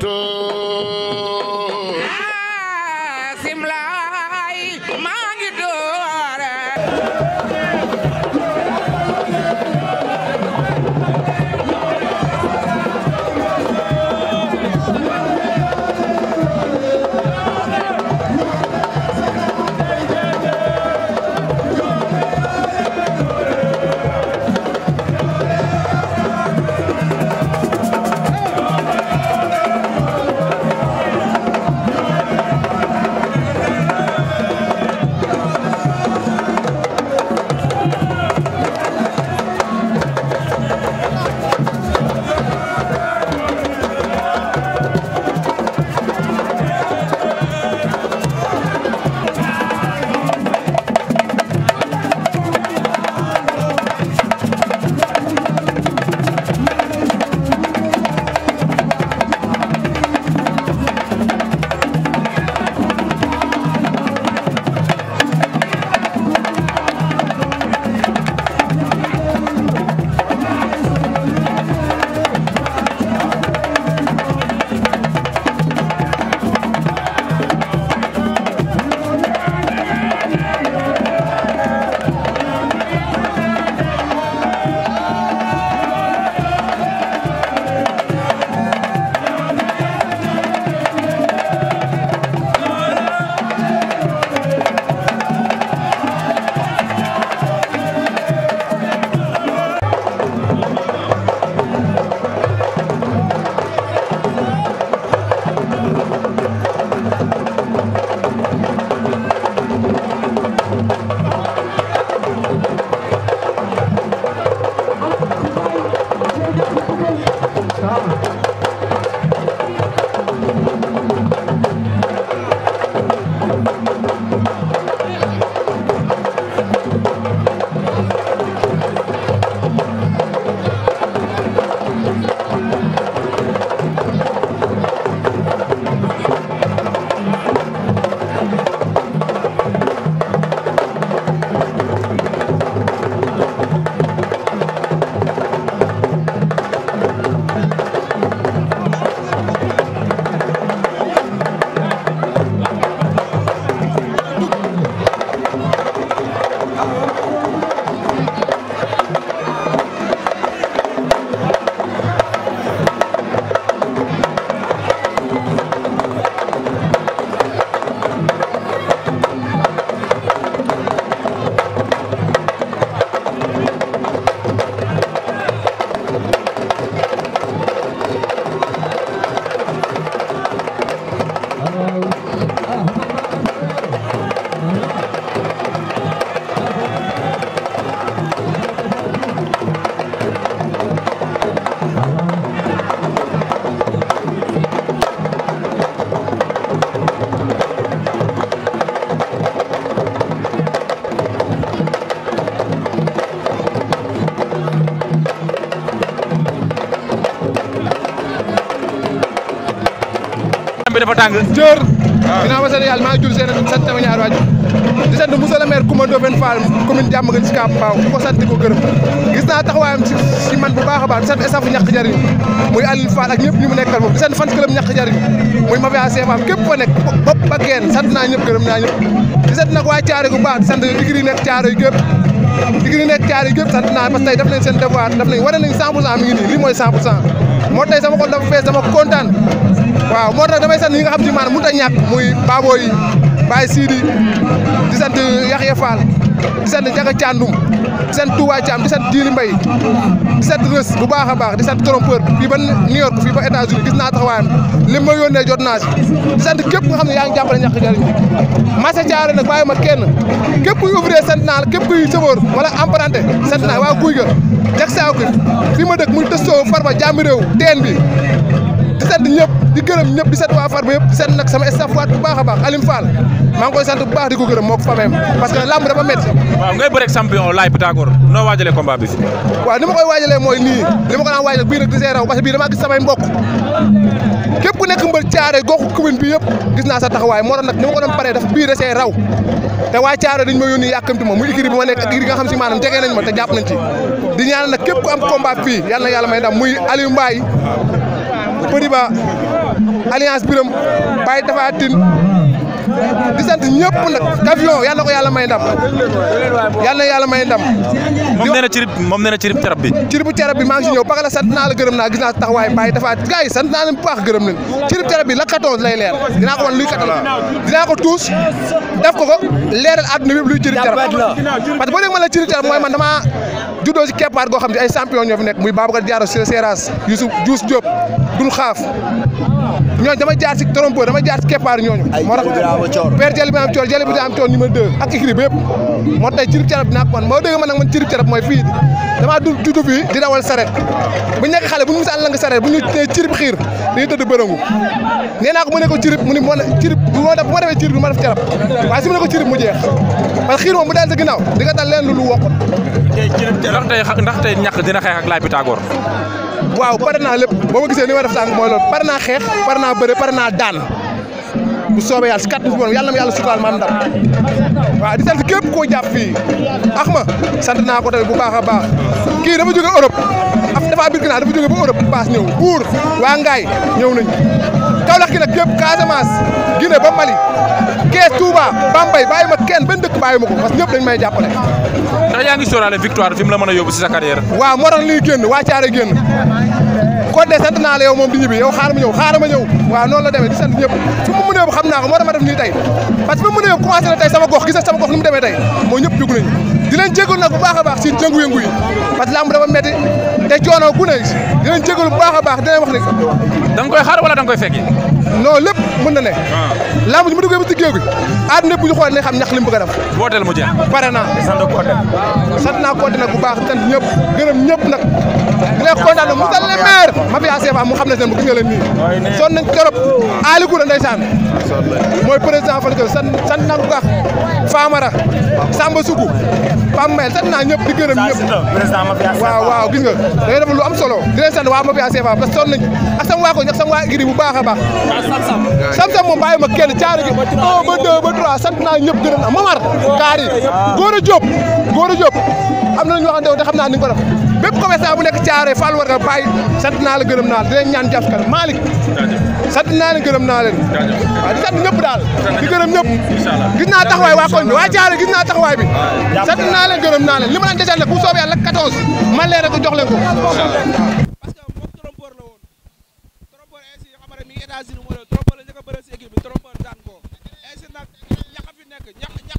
to bi dafa tàng. jër. waaw ginnaaw ma sant yàlla maa ngi jull seen sant sama ñaar waajur di sant monsieur le maire Coumba Ndoffène Fall commune Diamaguène Sicap Mbao ko sant ko gërëm gis naa taxawaayam si si man bu baax a baax di sant staff ñàkk jariñ muy Aliou Fall ak ñëpp ñu mu nekkal di sant fan club ñàkk jariñ muy Mafia CFA képp fa nekk bopp ba geen sant naa ñëpp gërëm naa ñëpp set nag waa Thiaroye bu baax di sant digri nekk Thiaroye gépp digri nekk Thiaroye gépp sant naa parce que tey daf nañ seen devoir daf nañ wane nañ 100 pour cent mi ngi nii lii mooy 100 pour cent moo tey sama xol dafa fees dama kontaan waaw moo tax damay sant ñi nga xam ci maanaam mënut a ñàkk muy baaboo yi Baye Sidi di sant Yaxya Fall di sant Jaga Thiandoum di sant Touba Thiam di sant Djily Mbaye di sant Rës bu baax a baax di sant trompeur fii ba New York fii ba États-Unis gis naa taxawaayam li ma yónnee jot naa di sant képp nga xam ne yaa ngi jàppale ñàkk jariñ marché Thiaré nag bàyyi ma kenn képp kuy ouvrier sant naa la képp kuy chauffeur wala apprenti sant naa waa guy ga jag saaku fii ma dëkk muy tëstoo farba jàmmi réew teen bi di sant ñëpp di gërëm ñëpp di sant waa Farba yëpp di sant nag sama staff waat bu baax a baax Alim Fall maa ngi koy bu baax di ko gërëm moo fameem parce que làmb dafa métti waaw ngay bëreeg champion laay Pythagore noo waajalee combat bi waaw ni ma ko daan waajal bii nag di see parce que bii damaa gis samay mbokk képp ku nekk mbër caare goxu commune bi yëpp gis naa sa taxawaay moo tax nag ni ma ko doon paree daf bii da see raw te waa caare Petit Ba alliance Birame Baye Tapha di sant ñëpp nag Gavion yàlla ko yàlla may ndam yàlla yàlla may ndam. moom nee na cirib moom nee na bi. ciribu carab bi maa ngi si ñëw ba la sant naa la gërëm naa gis naa taxawaay Baye Tapha gars yi sant naa leen bu baax gërëm leen cirib carab bi la 14 lay leer dinaa ko wan luy 14 dinaa ko tuus def ko ko leeral àdduna bi luy cirib carab parce que boo dégg ma la cirib carab mooy man damaa juddoo si keppaar goo xam ne ay champion ñoo fi nekk muy Babacar Diarra Sera Youssou Diouf Diop. duñ xaaf ñooñu dama jaar si trompo dama jaar si keppaar ñooñu moo tax père jëli bi am coor jëli bi da am coor numéro ak écrit bi moo tay cirib carab naa ko man moo dëgg man nag man cirib carab mooy fii damaa du juddu fii di dawal saret bu ñekk xale bu ñu misaan saret bu ñu nee cirib xiir dañuy tëdd bërëngu nee naa ko mu ne ko cirib mu ni moo cirib bu ma defee cirib du ma def carab waaye mu ne ko mu jeex parce xiir moom bu daal sa ginnaaw di nga dal le lu lu wokkut tey ndax dina xeex ak laay Pythagore waaw pare naa lépp boo ma gisee ni ma def sànq mooy loolu pare naa xeex pare naa bëre pare naa daan bu soobee yàlla si kàttan bi moom yàlla na yàlla suturaal ma am ndam waaw di sant képp koo jàpp fii ax ma sant naa ko tamit bu baax a baax kii dafa jóge Europe am dafa biir ginnaaw dafa jóge ba Europe paas ñëw buur waa ñëw nañ Kaolack gi nag képp Casamance ba Mali Kees Touba Bambey bàyyi ma kenn benn dëkk bàyyi ma ko parce ñëpp dañ may jàppale. ndax yaa ngi sóoraale victoire la mën a yóbbu si sa carrière. waaw moo tax li génn waa Thiaré génn kon de naa la yow moom di ñibbi yow xaar ma ñëw xaar ma ñëw waaw noonu la demee di sant ñëpp su ma mënee xam naa ko moo tax ma nii tey parce que ba mu mënee na tey sama gox gis sama gox ni mu demee moo ñëpp jóg a te coono bu ne dinañ jégalu baax a baax dinañ wax ne. da koy xaar wala da nga koy fekki. non lépp mën na ne. waaw ah. làmb ji mu duggee ba ci géew gi àdduna bu ñu ne xam ñax li mu bëgg a def. wooteel mu jeex. pare na sant Codé. sant naa bu baax sant ñëpp gërëm ñëpp nag. di leen kontaan nag musal ma fi ACFA mu xam ne seen bu gis nga leen nii. sonn nañ trop. Aliou Koura ndeysaan. mooy président Fatick sant sant naa ko bu baax. Famara Samba Sougou Pape Mel sant naa ñëpp di gërëm ñëpp waaw waaw gis nga da ngay def lu am solo di leen sant waa Mafia CFA parce que sonn nañ ak sama waa ko ak sama waa igri bu baax a sam-sam moom bàyyi ma kenn caari gi un ba deux ba trois sant naa ñëpp a na Mamar Kaari Gora Diop Gora Diop am na lu ñu waxante woon te xam naa ni nga ko def bépp commerçant bu nekk caare Fall war nga bàyyi sant naa la gërëm naa la dinañ ñaan jàpp kan Malick sant naa leen gërëm naa leen waaw di sant ñëpp daal di gërëm ñëpp gis naa taxawaay waa koñ bi waa caare gis naa taxawaay bi sant naa leen gërëm naa leen li ma leen desal nag bu soobee man leen rek jox leen ko États-Unis la njëkk a bëre si équipe bi